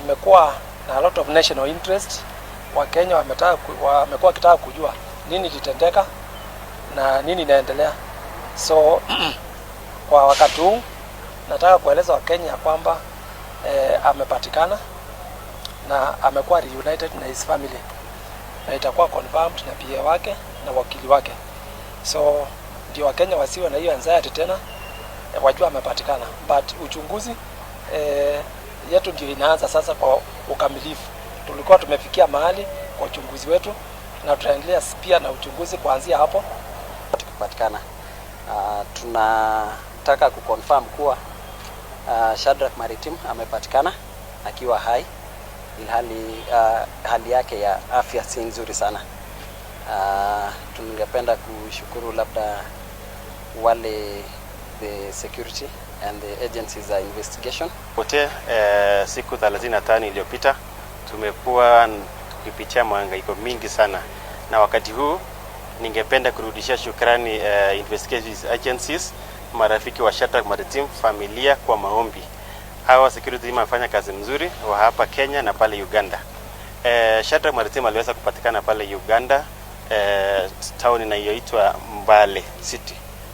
Imekuwa na lot of national interest. Wakenya wamekuwa wakitaka kujua nini litendeka na nini inaendelea. So kwa wakati huu nataka kueleza Wakenya ya kwamba eh, amepatikana na amekuwa reunited na his family na itakuwa confirmed na PA wake na wakili wake, so ndio Wakenya wasiwe na hiyo anxiety tena, eh, wajua amepatikana, but uchunguzi eh, yetu ndio inaanza sasa kwa ukamilifu. Tulikuwa tumefikia mahali kwa uchunguzi wetu na tutaendelea pia na uchunguzi kuanzia hapo tukipatikana. Uh, tunataka kuconfirm kuwa uh, Shadrack Maritim amepatikana akiwa hai ilhali uh, hali yake ya afya si nzuri sana. Uh, tungependa kushukuru labda wale the security and the agencies are uh, investigation. Pote eh, siku 35 iliyopita tumekuwa tukipitia mahangaiko mingi sana, na wakati huu ningependa kurudishia shukrani eh, investigations agencies, marafiki wa Shadrack Maritime, familia kwa maombi. Hawa security team wanafanya kazi mzuri wa hapa Kenya na pale Uganda. Eh, Shadrack Maritime aliweza kupatikana pale Uganda eh, town inayoitwa Mbale City